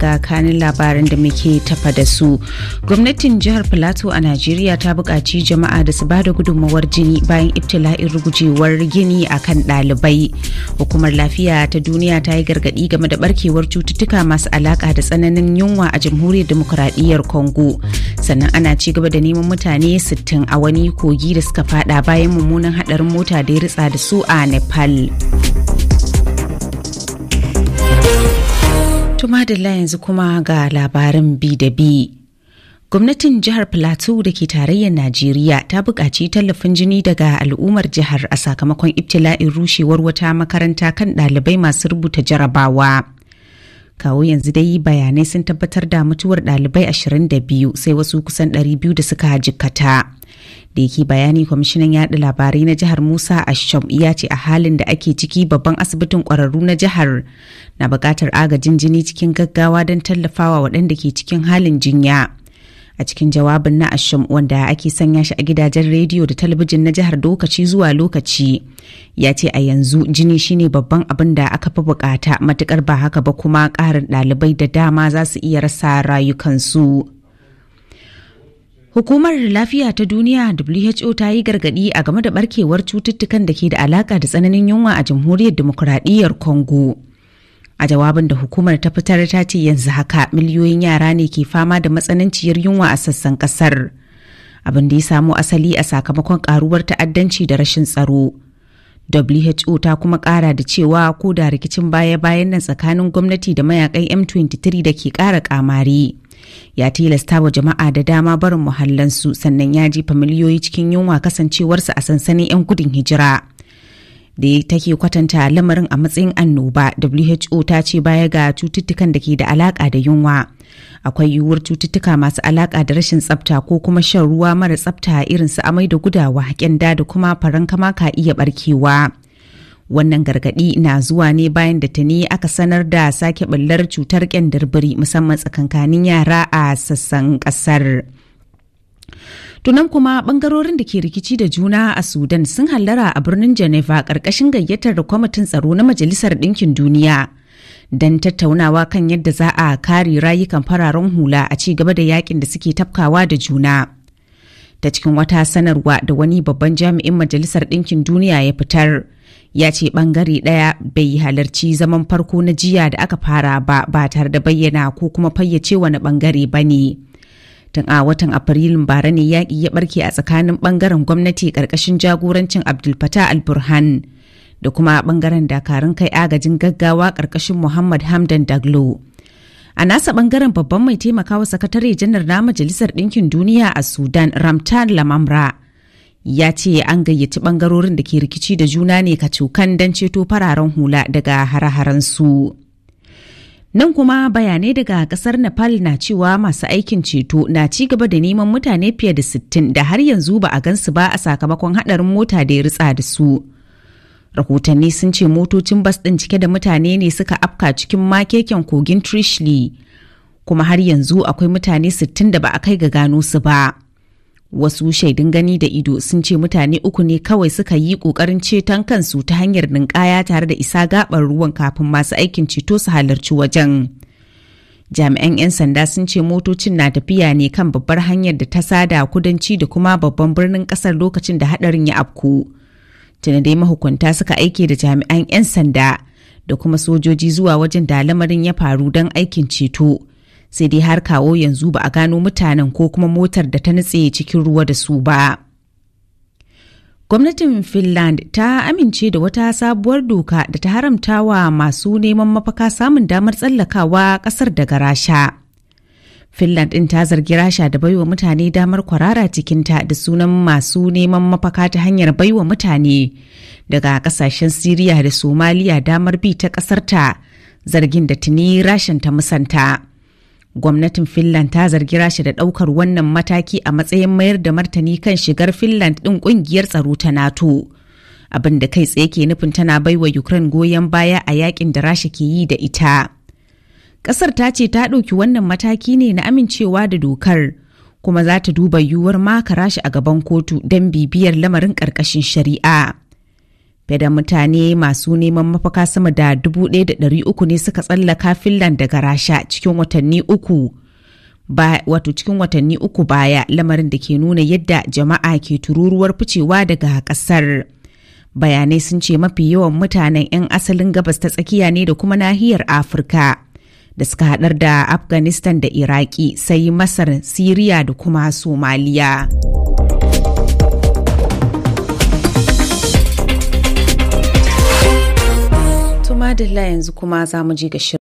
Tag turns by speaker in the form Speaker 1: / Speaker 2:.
Speaker 1: ga kanin labaran da muke tafa da su. Gwamnatin jihar Filato a Najeriya ta buƙaci jama'a da su bada gudummawar jini bayan ibtila'in rugujewar gini a kan ɗalibai. Hukumar lafiya ta duniya ta yi gargaɗi game da barkewar cututtuka masu alaƙa da tsananin yunwa a jamhuriyar demokuraɗiyyar Congo. Sannan ana ci gaba da neman mutane 60 a wani kogi da suka faɗa bayan mummunan haɗarin mota da ya ritsa da su a Nepal. Tuma Madalla yanzu kuma ga labarin bi da bi. Gwamnatin jihar Plateau da ke tarayyar Najeriya ta buƙaci tallafin jini daga al'ummar jihar a sakamakon ibtila'in rushewar wata makaranta kan ɗalibai masu rubuta jarabawa. Kawo yanzu dai bayanai sun tabbatar da mutuwar ɗalibai 22 sai wasu kusan 200 da suka jikkata. da yake bayani kwamishinan yaɗa labarai na jihar musa asham ya ce a halin da ake ciki babban asibitin kwararru na jihar na buƙatar agajin jini cikin gaggawa don tallafawa waɗanda ke cikin halin jinya a cikin jawabin na asham wanda ake sanya shi a gidajen rediyo da talabijin na jihar lokaci zuwa lokaci ya ce a yanzu jini shine babban abin da aka fi bukata matukar ba haka ba kuma karin ɗalibai da dama za su iya rasa rayukansu Hukumar Lafiya ta Duniya WHO ta yi gargaɗi a game da barkewar cututtukan da ke da alaƙa da tsananin yunwa a Jamhuriyar Demokuraɗiyyar Congo. A jawabin da hukumar ta fitar ta ce yanzu haka miliyoyin yara ne ke fama da matsananciyar yunwa a sassan ƙasar. Abin da ya samo asali a sakamakon ƙaruwar ta'addanci da rashin tsaro. WHO ta kuma ƙara da cewa ko da rikicin baya-bayan nan tsakanin gwamnati da mayakan M23 da ke ƙara ƙamari. ya tilasta wa jama'a da dama barin muhallansu sannan ya jefa miliyoyi cikin yunwa kasancewarsa a sansanin 'yan gudun hijira da take kwatanta lamarin a matsayin annoba who ta ce baya ga cututtukan da ke da alaka da yunwa akwai yiwuwar cututtuka masu alaka da rashin tsafta ko kuma shan ruwa mara tsafta irin su amai da gudawa kyanda da kuma farankama ka iya barkewa Wannan gargaɗi na zuwa ne bayan da tuni aka sanar da sake ɓullar cutar ƙyandarbiri musamman tsakankanin yara a sassan ƙasar. Tunan kuma bangarorin da ke rikici da juna a Sudan sun hallara a birnin Geneva ƙarƙashin gayyatar da kwamitin tsaro na Majalisar Ɗinkin Duniya. Don tattaunawa kan yadda za a kare rayukan fararen hula a ci gaba da yakin da suke tafkawa da juna. Ta cikin wata sanarwa da wani babban jami'in Majalisar Ɗinkin Duniya ya fitar. ya ce bangare daya bai yi halarci zaman farko na jiya da aka fara ba ba tare da bayyana ko kuma fayyace wani bangare ba ne tun a watan afrilun bara ne yaƙi ya barke a tsakanin bangaren gwamnati ƙarƙashin jagorancin abdul fatah al da kuma bangaren dakarun kai agajin gaggawa ƙarƙashin muhammad hamdan daglo a nasa bangaren babban mai taimakawa sakatare janar na majalisar ɗinkin duniya a sudan ramtan lamamra ya ce an gayyaci bangarorin da ke rikici da juna ne ka cokan don ceto fararen hula daga hare-harensu. Nan kuma bayanai daga kasar Nepal na cewa masu aikin ceto na ci gaba da neman mutane fiye da 60 da har yanzu ba a gansu ba a sakamakon haɗarin mota da ya ritsa da su. Rahotanni sun ce motocin bas ɗin cike da mutane ne suka afka cikin makeken kogin Trishli, kuma har yanzu akwai mutane 60 da ba a kai ga gano su ba. Wasu shaidun gani da ido sun ce mutane uku ne kawai suka yi kokarin ceton kansu ta hanyar ninkaya tare da isa gaɓar ruwan kafin masu aikin ceto su halarci wajen. Jami'an 'yan sanda sun ce motocin na tafiya ne kan babbar hanyar da ta sada kudanci da kuma babban birnin kasar lokacin da hadarin ya afku. Tuna dai mahukunta suka aike da jami'an 'yan sanda da kuma sojoji zuwa wajen da lamarin ya faru don aikin ceto. sai dai har kawo yanzu ba a gano mutanen ko kuma motar da ta nutse cikin ruwa da su ba. Gwamnatin Finland ta amince da wata sabuwar doka da ta haramta wa masu neman mafaka samun damar tsallakawa kasar daga Rasha. Finland ɗin ta zargi Rasha da baiwa mutane damar kwarara cikinta da sunan masu neman mafaka ta hanyar baiwa mutane daga kasashen Siriya da Somaliya damar bi ta ƙasarta zargin da tuni Rashan ta musanta. gwamnatin finland ta zargi rasha da ɗaukar wannan mataki a matsayin mayar da martani kan shigar finland ɗin ƙungiyar tsaro ta nato abin da kai tsaye ke nufin tana baiwa ukraine goyon baya a yakin da rasha ke yi da ita kasar ta ce ta ɗauki wannan mataki ne na amincewa da dokar kuma za ta duba yiwuwar maka rasha a gaban kotu don bibiyar lamarin ƙarƙashin shari'a fiye da mutane masu neman mafaka sama da 1,300 ne suka tsallaka Finland daga Rasha cikin watanni uku. wato cikin watanni uku baya lamarin da ke nuna yadda jama'a ke tururuwar ficewa daga kasar bayanai sun ce mafi yawan mutanen 'yan asalin gabas ta tsakiya ne da kuma nahiyar afirka da suka hadar da afghanistan da iraki sai masar siriya da kuma somaliya. madalla yanzu kuma za mu ji ga shirin.